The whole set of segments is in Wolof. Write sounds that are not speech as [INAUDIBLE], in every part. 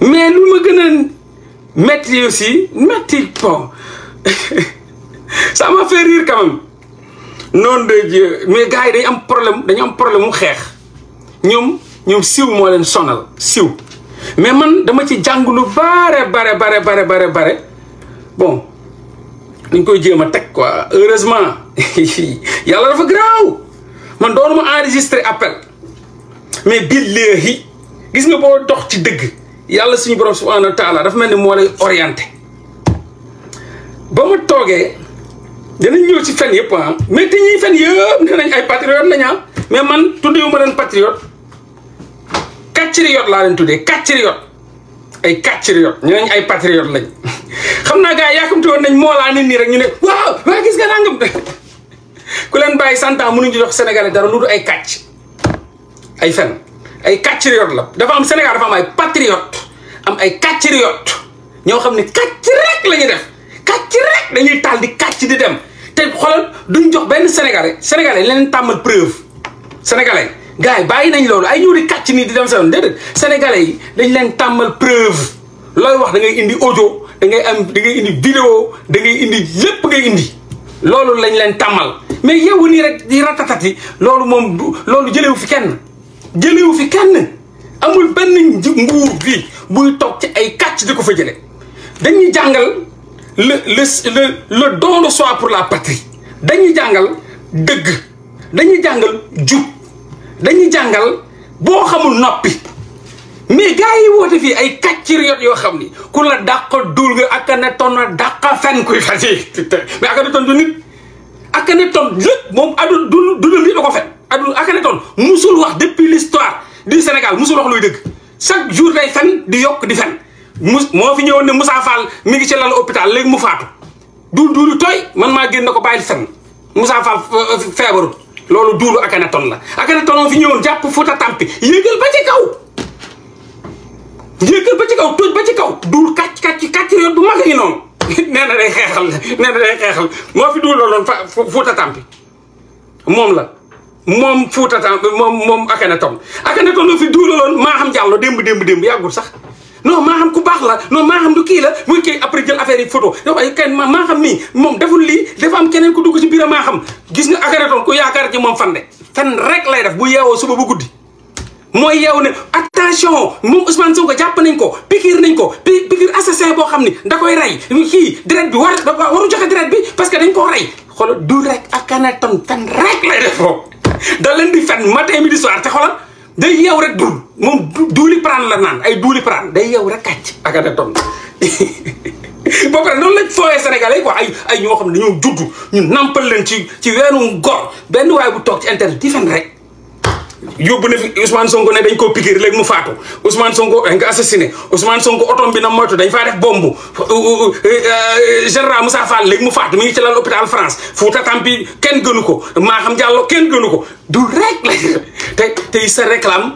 mais lu ma gën a métti aussi métti bon [LAUGHS] ça m'a fait rire quand même noonu de Dieu mais gars yi dañu am problème dañu am problème mu xeex ñoom ñoom siw moo leen sonal siw mais man dama ci jàng lu bare bare bare bare bare bare bon dañ koy jéem a teg quoi heureusement [LAUGHS] yàlla dafa garaaw man doonuma enregistré appel mais léegi gis nga boo dox ci dëgg yàlla suñu borom subhanahu wa taala dafa mel ni moo lay orienté ba mu toogee dinañ ñëw ci fen yëpp ah mais te ñuy fen yëpp nee nañ ay patriote lañ ah mais man tuddewu ma leen patriote kàcciriyote laa leen tuddee kàcciriyote ay kàcciriyote ñu nañ ay patriote lañ [LAUGHS] xam naa gars yi yaakamti woon nañ moolaa nit nii rek ñu ne waaw waaw gis nga nangam [LAUGHS] ku leen bàyyi nu mënuñu jox sénégalais dara lu dul ay kàcc ay fen ay patriote la dafa am Sénégal dafa am ay patriote am ay patriote ñoo xam ne kàcc rek la ñuy def kàcc rek dañuy taal di kàcc di dem te xoolal duñ jox benn Sénégalais Sénégalais leen tàmmal preuve Sénégalais gars yi bàyyi nañ loolu ay ñëw di kàcc di dem sa yoon déedéet Sénégalais yi leen tàmmal preuve looy wax da ngay indi ojo da ngay am da ngay indi vidéo da ngay indi lépp ngay indi loolu lañ leen tàmmal mais yow nii rek di ratatati loolu moom loolu jëlewu fi kenn jëlewu fi kenn amul benn nguur bi buy toog ci ay kàcc di ko fa jële dañuy jàngal le le le le soi pour la patrie dañuy jàngal dëgg dañuy jàngal jub dañuy jàngal boo xamul noppi mais gars yi woote fii ay kàccir yot yoo xam ni ku la dàqa duul nga aka ne ton na dàqa fen kuy fen si [LAUGHS] mais aka ne ton du nit aka ton lépp moom adul du dudul nit da ko fen Abdou Akhenaton musul wax depuis l'histoire du Sénégal musul wax luy dëgg chaque jour day fen di yokk di fen mu moo fi ñëwoon ne Moussa Fall mi ngi ci lal hôpital léegi mu faatu duul duulu tooy man maa na ko bàyyil fen Moussa Fall euh, euh, feebaru loolu duulu Akhenaton la Akhenaton fi ñëwoon jàpp Fouta Tampi yéegal ba ci kaw yéegal ba ci kaw tóoj ba ci kaw duul kàcc kàcc kàcc yoon du mag a ngi noonu [LAUGHS] nee na day xeexal nee na day xeexal moo fi duul looloon fa a Tampi moom la moom Fouta Tam moom moom Akhenaton Akhenaton la fi duuraloon maa xam jàll démb démb démb yàggul sax non maa xam ku baax la non maa xam du kii la muy kii après jël affaire yi photo yow ay kenn maa xam nii moom am keneen ku dugg ci biir maa xam gis nga Akhenaton ku yaakaar moom fan de fan rek lay def bu yeewoo suba bu guddi. mooy yeewu ne attention moom Ousmane Sonko jàpp nañ ko pikir nañ ko pi pikir assassin boo xam ni da koy rey kii deret bi war waru joxe deret bi parce que dañ koo rey xoolal du rek Akhenaton fan rek lay def foofu. da leen di fen matin midi soir te xoolal day yeew rek duul moom duuli praan la naan ay duuli praan day yeew rek kàcc ak ada ton [LAUGHS] ba pare noonu lañ fooyee ko ay ay ñoo xam ne dañoo judd ñu nampal leen ci ci weenu góor benn waaye bu toog ci internet di fen rek yóbbu na fi Ousmane Sonko ne dañ koo piquer léegi mu faatu Ousmane Sonko dañ ko assassiné Ousmane Sonko otom bi na moytu dañ faa def bombu euh, euh, général Moussa Fall léegi mu faatu mi ngi ci hôpital France Fouta Tampi kenn gënu ko maa xam Diallo kenn gënu ko du rek la [LAUGHS] te tey sa réclame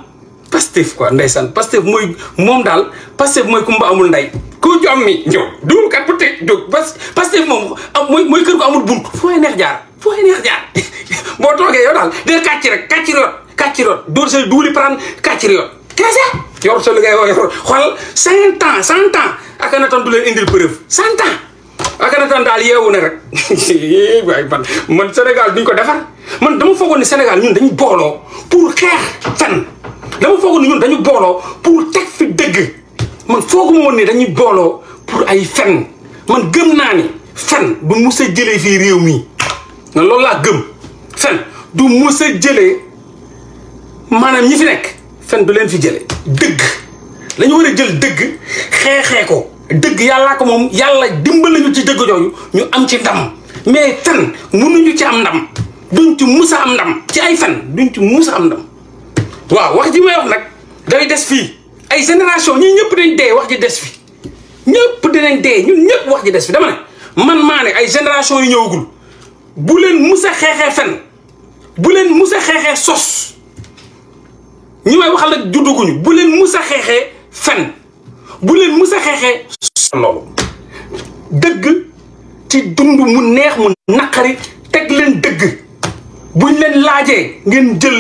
Pastef quoi ndeysaan Pastef mooy moom daal Pastef mooy kumba amul ndey ku jommi ñëw duurkat bu teg jóg Pastef moom mooy mooy kër ko amul bunt fooy neex jaar fooy neex jaar [LAUGHS] boo toogee yow daal dee kàcc rek kàcc rek kàcciroot dóor sa duuli prendre kàcciroot kese yor sa li ngay wax yor xool cinq ans cent ans Akhenaton du leen indil preuve cent ans Akhenaton daal yeewu ne rek [LAUGHS] waaye man man Sénégal duñ ko defar man dama foogoon ni Sénégal ñun dañu booloo pour xeex fen dama foogoon ni ñun dañu booloo pour teg fi dëgg man fooguma woon ni dañuy booloo pour ay fen man gëm naa ni fen du mus a jëlee fii réew mi man loolu laa gëm fen du mus a jëlee maanaam ñi fi nekk fen du leen fi jële dëgg lañu war a jël dëgg xeexee ko dëgg yàllaa ko moom yàlla dimbal lañu ci dëgg jooju ñu am ci ndam mais fen mënuñu ci am ndam duñ ci musa am ndam ci ay fen duñ ci musa am ndam waaw wax ji may wax nag day des fii ay génération ñi ñëpp dañ dee wax ji des fi ñëpp dinañ dee ñun ñëpp wax ji des fi dama ne man maa ne ay génération yu ñëwagul bu leen musa xeexee fen bu leen musa xeexee sos ñi may waxal nag judduguñu bu leen mus a xeexee fen bu leen musa a xeexee loolu dëgg ci dund mu neex mu naqari teg leen dëgg buñ leen laajee ngeen jël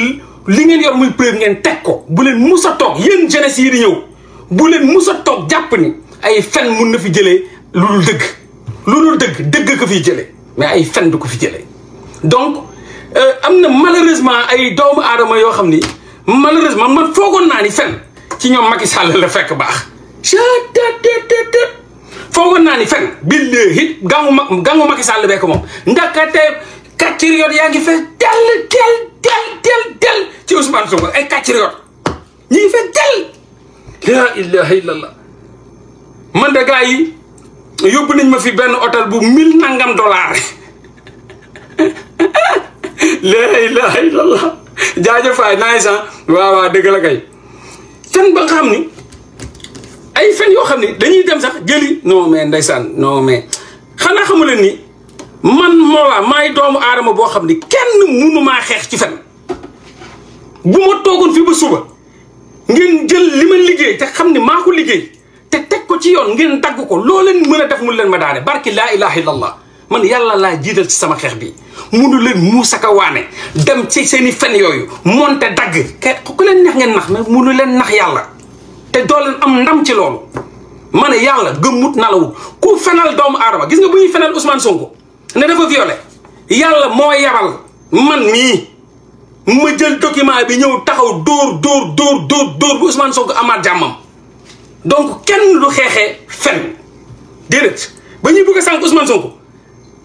li ngeen yor muy preuve ngeen teg ko bu leen musa toog yéen jeunesse yi di ñëw bu leen mus a toog jàpp ni ay fen mun na fi jëlee lu dëgg lu dul dëgg dëgg ko fi jële mais ay fen du ko fi jëlee donc euh, am na malheureusement ay doomu aadama yoo xam ni malheureusement man foogoon naa ni fen ci ñoom Macky Sall la fekk baax cttt foogoon naa ni fen billahi gàngu ma gàngu Macky Sall bekk moom ndakate kàcciriyoot yaa ngi fees dell del del del del ci Ousmane Sonko ay kàcciriyoot ñi ngi fees dell la ilaha illallah de gars yi yóbbu nañ ma fi benn hôtel bu mille nangam dollar [LAUGHS] la ilaha [LAUGHS] jaajëf waay naaj ah. sax waaw waaw dëgg kay. fen ba nga xam ni ay fen yoo xam ni dañuy dem sax jëli non mais ndeysaan non mais xanaa xamu leen ni man Mollah maay doomu aadama boo xam ni kenn munu maa xeex ci fen bu ma toogoon fii ba suba ngeen jël li ma liggéey te xam ni maa ko liggéey te teg ko ci yoon ngeen dagg ko loo leen mën a def mu leen ma daane barki laa ilaha illallah man yàlla laa jiital ci sama xeex bi munu leen muusaka waane dem ci seeni i fen yooyu moonte dagg kay leen neex ngeen nax mais munu leen yàlla te doo leen am ndam ci loolu ma ne yàlla gëmmut nalawut ku fenal doomu aadama gis nga bu ñuy fenal Ousmane Sonko ne dafa violé yàlla moo yaral man mii ma jël document bi ñëw taxaw dóor dóor dóor dóor dóor bu Ousmane donc kenn lu xeexee fen déedéet ba ñuy bëgg a sànq Ousmane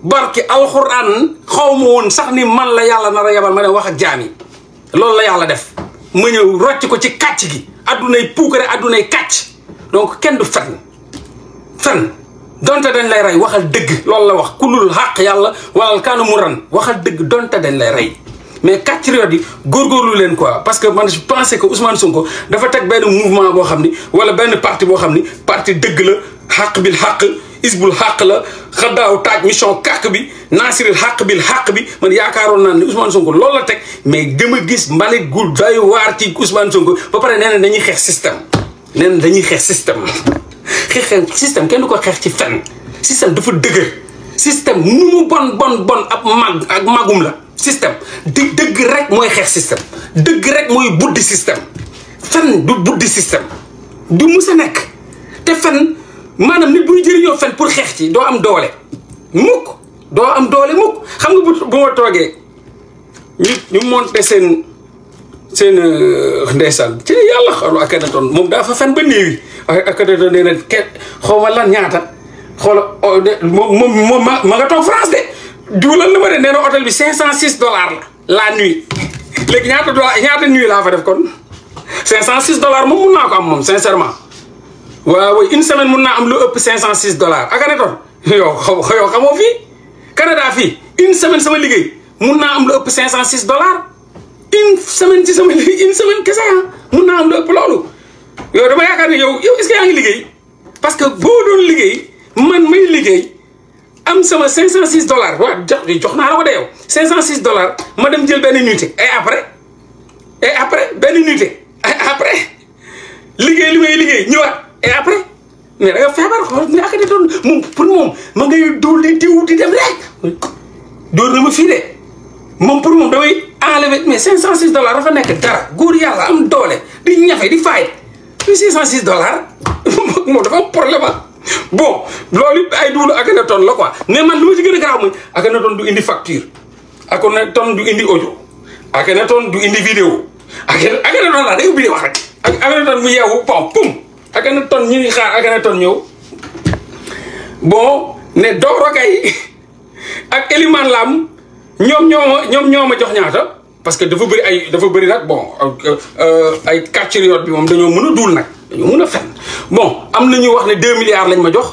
barki alxuraan xaw ma woon sax ni man la yàlla nar a yabal ma dem wax ak jaam yi loolu la yàlla def ma ñëw rocc ko ci kàcc gi addunay puukare addunay kàcc donc kenn du fen fen donte dañ lay rey waxal dëgg loolu la wax kulul xàq yàlla walal kaanu mu ran waxal dëgg donte dañ lay rey mais patriotes yi góorgóorlu leen quoi parce que man je ko que Ousmane Sonko dafa teg benn mouvement boo xam ni wala benn parti boo xam ni parti dëgg la xàq bil xaq isbul xàq la xaddaaw taaj mission kàq bi naasiril bi bil xaq bi man yaakaaroon naa ne Ousmane Sonko loolu la teg mais dama gis mbalit gu doy waar ci Ousmane Sonko ba pare nee na dañuy xeex système nee na dañuy xeex système xeex système kenn du ko xeex ci fenn système dafa dëgg système nu mu bon bon bon ab mag ak magum la système di dëgg rek mooy xeex système dëgg rek mooy buddi système fen du buddi système du mus a nekk te fen maanaam nit buy jëriñoo fen pour xeex ci doo am doole mukk doo am doole mukk xam nga bu bu ma toogee ñu ñu monté seen seen euh, ndeysaan ci yàlla xaru Akhenaton moom daa fa fen ba néewi Akhenaton nee na ke xaw ma lan ñaata xoola oh, moom moom ma ma nga toog France de dugalal na ma de nee na hôtel bi 506 dollars la la nuit léegi ñaata dollars ñaata nuit laa fa def kon 506 dollars moom mun naa ko am moom sincèrement waaw une semaine mun naa am lu ëpp 506 dollars ak anetoon yow yow xamoo fii Canada fii une semaine sama liggéey mun naa am lu ëpp 506 dollars une semaine ci sama liggéey une semaine kese ah mun naa am lu ëpp loolu yow dama yaakaar ne yow yow est-ce que yaa ngi liggéey parce que boo doon liggéey man may liggéey. am sama 506 dollars waaw jox jox naa la ko de yow 506 dollars ma dem jël benn unité et après e après benn unité et après liggéey li may liggéey ñëwaat et après mais da feebar xool mais ak di doon moom pour moom ma ngay dóor di diw di dem rek dóor na ma fii de moom pour moom damay enlever mais 506 dollars dafa nekk dara góor yàlla am doole di ñafe di faay mais 506 dollars [LAUGHS] moom dafa am problème ah. bon loolu ay duulu Akhenaton la quoi ne man lu ma ci gën a garaaw mooy Akhenaton du indi facture ton du indi audio ton du indi vidéo Akhenaton laa day ubbi di wax rek ak Akhenaton mu yeewu pom pum Akhenaton ñu ngi xaar Akhenaton ñëw bon ne Doro Gaye [LAUGHS] ak éliment Lam ñoom ñoo ñoom ñoo ma jox ñaata parce que dafa bëri ay dafa bëri nag bon euh, euh, ay ay carte bi moom dañoo mën a duul nag dañoo mën a fen bon am na ñu wax ne 2 milliards lañ ma jox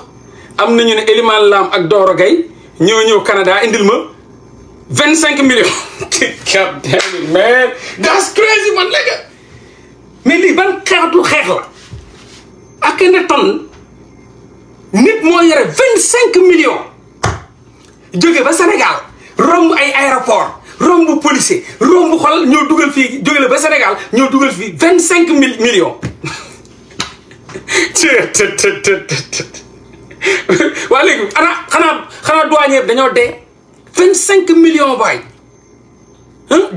am na ñu ne Elimane Lam ak dooro Gaye ñoo ñëw kanadaa indil ma 25 millions. God damn it man that's crazy man léegi mais lii ban xeetu xeex la ak ne ton nit moo yore cinq million jóge ba Sénégal romb ay aéroport romb policier romb xol ñoo dugal fii jóge la ba Sénégal ñoo dugal fii 25 mille millions. waa léegi xanaa xanaa xanaa douanier dañoo dee vingt cinq millions waay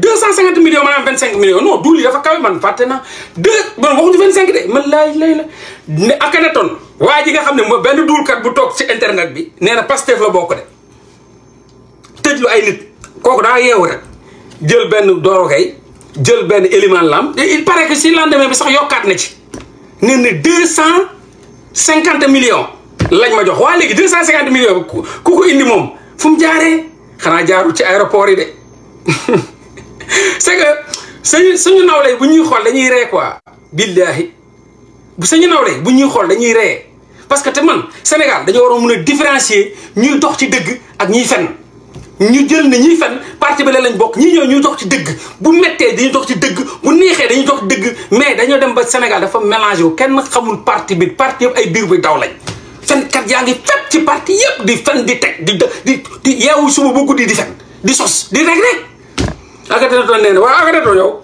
deux cent cinquante millions maanaam vingt cinq million non duul yi dafa kawe man fàtte na deux man waxuñu vingt cinq de man laay lay la ne ak a ton waa ji xam ne moo benn duulkat bu toog ci internet bi nee na Pastef la bokk de tëj lu ay nit kooku daa yeewu rek jël benn doorogay jël benn élément lam il paraît que si lendemain bi sax yokkaat na ci nee na deux cent cinquante millions lañ ma jox waa léegi deux cent cinquante millions ku ko indi moom fu mu jaaree xanaa jaarul ci aéroport yi de [LAUGHS] c'est que suñu suñu nawle bu ñuy xool dañuy ree quoi. billaahi bu suñu nawle bu ñuy xool dañuy reye parce que te man Sénégal dañoo war a mun a différencier ñuy dox ci dëgg ak ñuy fenn. ñu jël ne ñuy fen parti bi lañ bokk ñi ñëw ñu dox ci dëgg bu méttee dañuy dox ci dëgg bu neexee dañuy dox dëgg mais dañoo dem ba Sénégal dafa mélangé wu kenn xamul parti bi parti yëpp ay biir bi daw lañ fenkat yaa ngi fépp ci parti yëpp di fen di teg di di di yeewu suba ba guddi di fen di sos di rek rek Agathon doon nee na waaw Agathon yow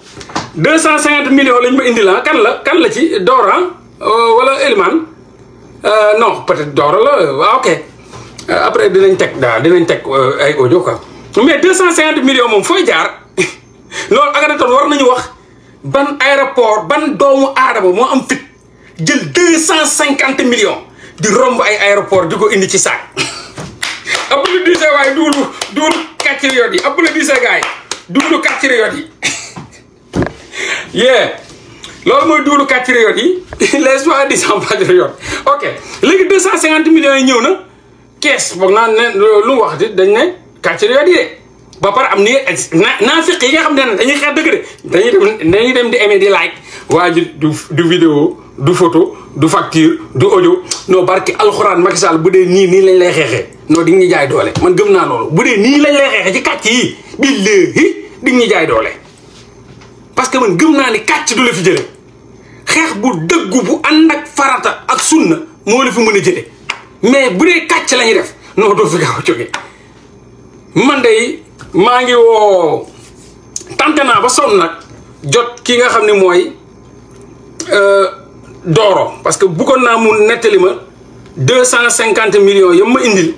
deux cent cinquante millions lañ ma indi la kan la kan la ci Dora euh, wala Elimane euh, non peut-être Dora la waaw ah, ok Euh, après dinañ teg daal dinañ teg euh, ay audio quoi mais deux cent cinquante millions moom fooy jaar [LAUGHS] loolu Akhenaton war nañu wax ban aéroport ban doomu aadama moo am fit jël deux cent cinquante million di romb ay aéroport di ko indi ci saak applaudissé [LAUGHS] waaye duulu duulu kàcciri yoot yi applaudissé gars yi duulu kàcciri yoot yi [LAUGHS] yee loolu mooy duulu kàcciri yoot yi les soins disant patriote ok léegi deux cent cinquante millions yi ñëw na kees boog naa ne lu wax di dañ ne kàcce di weddi ba pare am ni naa yi nga xam ne dañuy xeex dëgg de dañuy dem di aimé di like waa ji du du vidéo du photo du facture du audio non barki alxuraan Macky Sall bu dee nii nii lañ lay xeexee non di nga jaay doole man gëm naa loolu bu dee nii lañ lay xeexee ci kàcc yi billaahi di nga jaay doole parce que man gëm naa ni kàcc du la fi jële xeex bu dëggu bu ànd ak farata ak sunna moo la fi mën a jëlee mais bu dee kàcc lañ ñuy def non doo fi gaaw jóge man de maa ngi woo tante naa ba sonn nag jot ki nga xam ne mooy euh, dooro parce que buggoon naa mu nettali ma deux cent cinquante million yëpp ma indil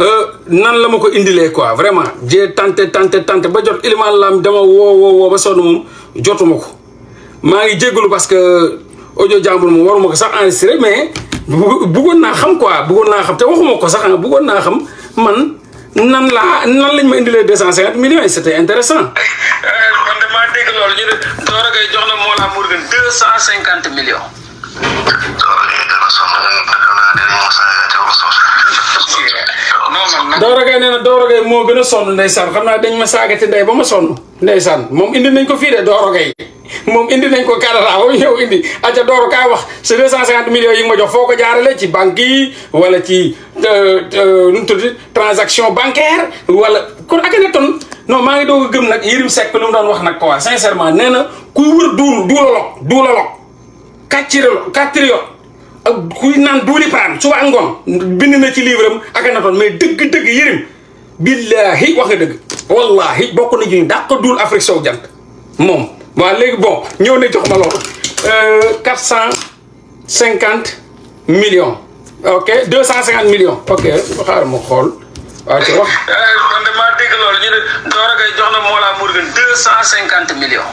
euh, nan la ma ko indilee quoi vraiment jee tante tante tante ba jot ilimaan lam dama woo woo woo ba sonn moom ko maa ngi jéggalu parce que audio jàmbur moom waruma ko sax enregistré mais bëggoon naa xam quoi bëggoon naa xam te waxuma ko sax nga bëggoon naa xam man nan laa nan lañ ma indi lee cent cinquante millions yi c'était intéressant [LAUGHS] eh, kon jox na Mollah Morgun deux cent cinquante millions [LAUGHS] Doro Gaye nee na Doro Gaye moo gën a sonn ndeysaan xam naa dañ ma saagati ndey ba ma sonn ndeysaan moom indi nañ ko fii de Doro Gaye [LAUGHS] moom indi nañ ko Canada ba ñëw indi aca dooru kaa wax sa 250 millions yi nga ma jox foo ko jaarale ci banque yi wala ci nu mu tudd transaction bancaire wala kon ak na ton non maa ngi doog a gëm nag Yérim Seck lu mu doon wax nag quoi sincèrement nee na kuy wër duul duulaloog duulaloog kàccirilo kàccirilo ak kuy naan duuli paan suba ngoon bind na ci livre am ak na ton mais dëgg-dëgg Yérim billahi wax nga dëgg wallahi bokk na ñu dàq duul Afrique sow jant moom waaw léegi bon ñëw na jox ma loolu euh, quatre cent cinquante millions ok deux cent cinquante millions ok xaaral ma xool waaw ci wax eh, man de loolu ñu ne Doro jox na Mollah Morgun deux cent cinquante millions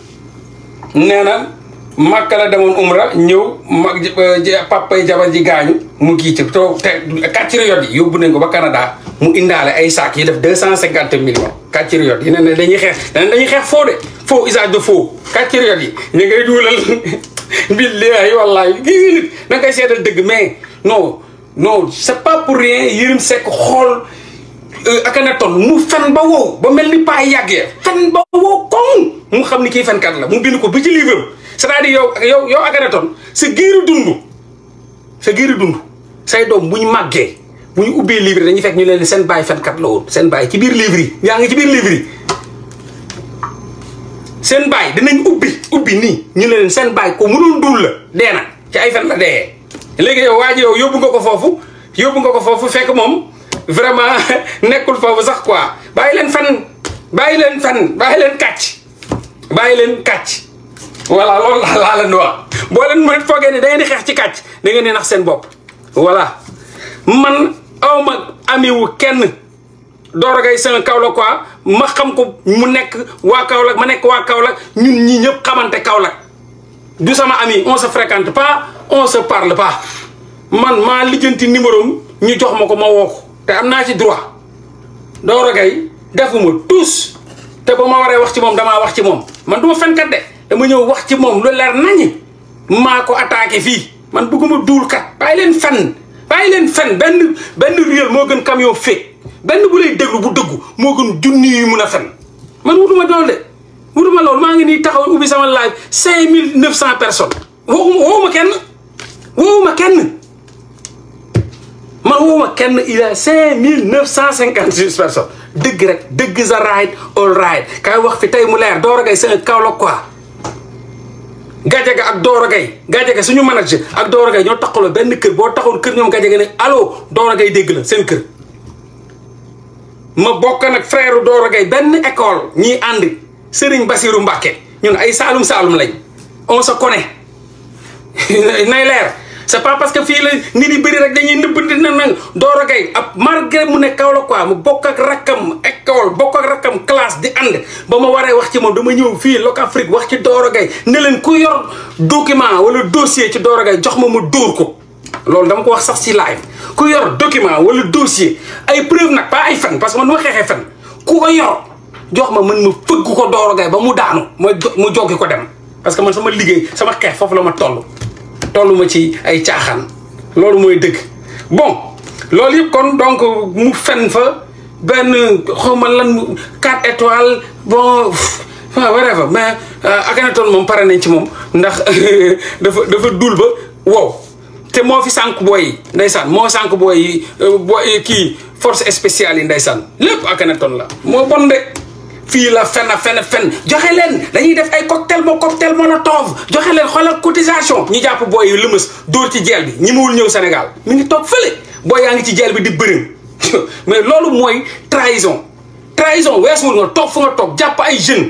nee na a la demoon umra ñëw mag euh, papay jabar ji gaañu mu kii ci te te patriote yi yóbbu nañ ko ba Canada mu indaale ay saak yi def deux cent cinquante millions patriote yi nee na dañuy xeex nee na dañuy xeex faux de faux usage de faux patriote yi ñu ngay duulal [LAUGHS] billahi wallahi gii nit da seetal dëgg mais non non c'est pas pour rien Yérim Seck xool Euh, ak a na ton mu fen ba wow ba mel ni paa yàggee fen ba wow koŋ mu xam ni kii fenkat la mu bind ko ba ci livre cest à yow yow yow ak a na ton sa giiru dund sa giiru dund say doom bu ñu màggee bu ñu ubbee livre dañuy fekk ñu leen seen baay fenkat la woon seen baay ci biir livre yi ngi ci biir livre seen baay dinañ ubbi ubbi nii ñu leen seen baay ko mënoon duul la dee na ci ay fen la dee léegi yow waa yow yóbbu nga ko foofu yóbbu nga ko foofu fekk moom vraiment nekkul foofu sax quoi bàyyi leen fen bàyyi leen fen bàyyi leen kàcc bàyyi leen kàcc voilà loolu laa laa leen wax boo leen mën foogee ne da ngeen xeex ci kàcc da ngeen di nax seen bopp voilà man awma amiwu kenn Doro Gaye san Kaolack quoi ma xam ko mu nekk waa Kaolack ma nekk waa Kaolack ñun ñi ñëpp xamante Kaolack du sama ami on se pas on se parle pas man maa lijjanti numéro ñu jox ma ko ma woo te am naa ci droit Doro Gaye defuma tous te ba ma waree wax ci moom damaa wax ci moom man du ma fenkat de dama ñëw wax ci moom lu leer nañi maa ko attaqué fii man bëgguma duul kat bàyyi leen fenn bàyyi leen fenn benn benn réel moo gën camion féeg benn bu lay déglu bu dëggu moo gën junni yu mun a fen man wutuma dool de wutuma loolu maa ngi nii taxaw ubbi sama laaj cinq mille neuf cent personnes woowuma woowuma kenn woowuma kenn man wooma kenn il a mille neuf cent cinquante six personnes dëgg rek dëgg sa right all right kay wax fi tey mu leer Doro Gaye c'est un Kaolack quoi Gadiaga ak Doro Gaye Gadiaga suñu manager ak Doro Gaye ñoo taxaloo benn kër boo taxoon kër ñoom Gadiaga ne allo Doro gay dégg la seen kër ma bokk nag frère Doro Gaye benn école ñiy ànd Serigne Bassirou Mbacké ñun ay saalum saalum lañ on se connaît [LAUGHS] nay leer c'est pas parce que fii la nit yi bëri rek dañuy nëbbante na nag Doro Gaye ab malgré mu ne kaw la quoi mu bokk ak rakkam école bokk ak rakkam classe di ànd ba ma waree wax ci ma dama ñëw fii Locafrique wax ci Doro Gaye ne leen ku yor document wala dossier ci Doro jox ma ma dóor ko loolu dama ko wax sax si ku yor document wala dossier ay preuve nag pas ay fen parce que man ma xeexee fen ku ko yor jox ma man ma fëgg ko Doro Gaye ba mu daanu ma mu joggi ko dem parce que man sama liggéey sama xeex foofu la ma toll tolluma ci ay caaxaan loolu mooy dëgg bon loolu yëpp kon donc mu fen fa benn xawma lan quatre étoiles bon waaw fa mais euh, Akhenaton moom pare nañ ci moom ndax [LAUGHS] dafa dafa dul ba wow te moo fi sànq booy yi ndeysaan moo sànq booy yi euh, booy kii force spéciale yi ndeysaan lépp Akhenaton la moo bon de fii la fen a fen joxe leen dañuy def ay cocktail mo cocktail molotov joxe leen xol a cotisation ñu jàpp booy yu lëmës dóor ci jeel bi ñi muwul ñëw Sénégal mi ngi toog fële booy yaa ngi ci jeel bi di bërëm [LAUGHS] mais loolu mooy trahison trahison weesuwul nga toog fu nga toog jàpp ay jeunes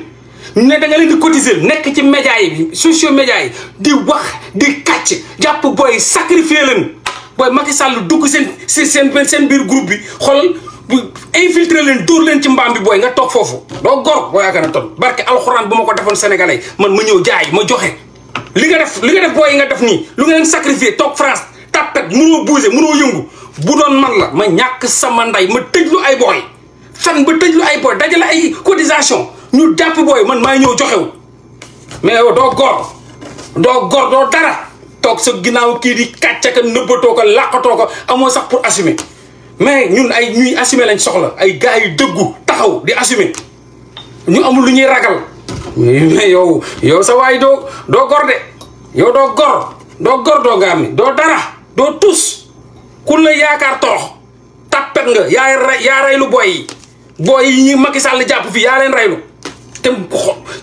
ne da nga leen di cotiser nekk ci média yi bi sociaux média yi di wax di kàcc jàpp booy sacrifier leen booy Macky Sall dugg seen seen seen biir groupe bi xoolal bu infiltré leen dóor leen ci mbaam bi booy nga toog foofu doo gor boo yaakaar ne ton barke alxuraan bu ma ko defoon sénégalais man ma ñëw jaay ma joxe li nga def li nga def booy nga def nii lu nga leen sacrifié toog France tapet mënoo bouger mënoo yëngu bu doon man la ma ñàkk sama nday ma lu ay booy fan ba tëjlu ay booy dajale ay cotisation ñu jàpp booy man maa ñëw joxewu mais doo gor doo gor doo dara toog sa ginnaaw kii di kàcce ka nëbbatoo ko làqatoo ko amoo sax pour assumer mais ñun ay ñuy assumer lañ soxla ay gars yu dëggu taxaw di assumer ñu amul lu ñuy ragal mais yow yow sa waay doo doo gor de yow doo gor doo gor doo ni doo dara doo tus ku la yaakaar torox tappet nga yaa rey yaa reylu booy yi booy yi ñuy Macky Sall jàpp fii yaa leen reylu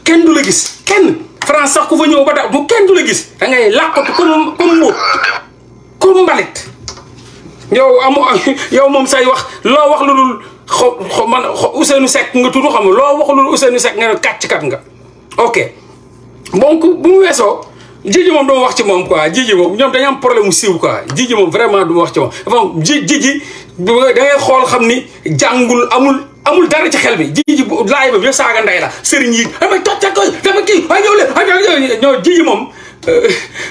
kenn du la gis kenn France sax ku fa ñëw ba daw bu kenn du la gis da ngay làqatu comme comme mbóot comme yow amu yow moom say wax loo wax lu dul xo man a Ousseynou sekk nga tudd xam nga loo wax lu dul Ousseynou Seck nga ne kàcckat nga ok donc bu mu weesoo jiji moom dama wax ci moom quoi jiji ñoom dañu am problème mu siiw quoi jiji moom vraiment du ma wax ci moom bon ji jiji da ngay xool xam ni jàngul amul amul dara ci xel mi jiji laay ba bi saaga nday la sëriñ yi damay tocca ko dama kii waaye ñëw leen jiji moom euh,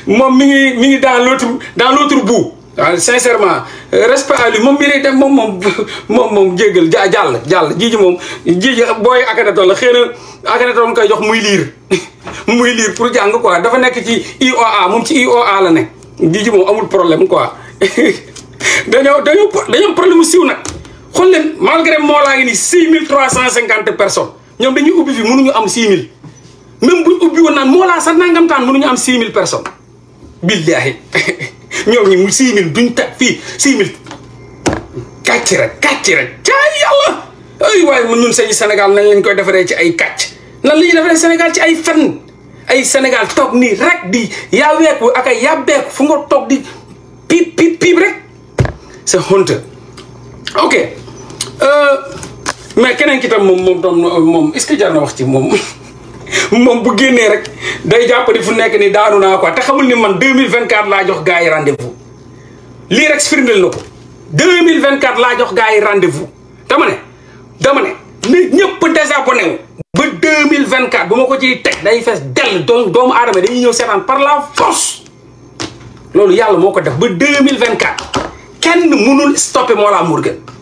moom mi ngi mi ngi dans l'autre dans l'autre bout waaw ah, sincèrement euh, respect à lui moom mii lay def moom moom [LAUGHS] moom moom jéggal ja jàll jàll jiiji moom jiiji booy Akhenaton la xëy na Akhenaton koy jox muy liir [LAUGHS] muy liir pour jàng quoi dafa nekk ci IOA moom ci IOA la nekk jiiji moom amul problème quoi [LAUGHS] dañoo dañoo dañoo problème mu siiw nag xool leen malgré moo laa ngi ni six mille trois cent cinquante personnes ñoom dañuy ubbi fi mënuñu am six mille même buñ ubbi woon naan moo laa sax nangamtaan mënuñu am six mille personnes billaahi ñoom ñi mu six mille duñ teg fii six mille kàcc rek kàcc rek caay yàlla ay waaye mun ñun sañu Sénégal nañ lañ koy defaree ci ay kàcc na la ñuy defaree Sénégal ci ay fen ay Sénégal toog nii rek di yaa weeku ak ay yàbbeeku fu nga toog di piip piip piip rek c'est honteux ok euh, mais keneen ki tam moom moom tam moom est que jar wax ci moom [LAUGHS] [LAUGHS] moom bu génnee rek day jàpp ni fu nekk ni daanu naa ko te xamul ni man 2024 laa jox gars yi rendez-vous lii rek firndeel na ko mille vingt 2024 laa jox gars yi rendez-vous dama ne dama ne nit ñëpp désabonné wu ba 2024 bu ma ko ciy teg day fees dell doom doomu aadama dañuy ñëw seetaan par la force loolu yàlla moo ko def ba deux mille 2024 kenn mënul stopper Mollah Morgun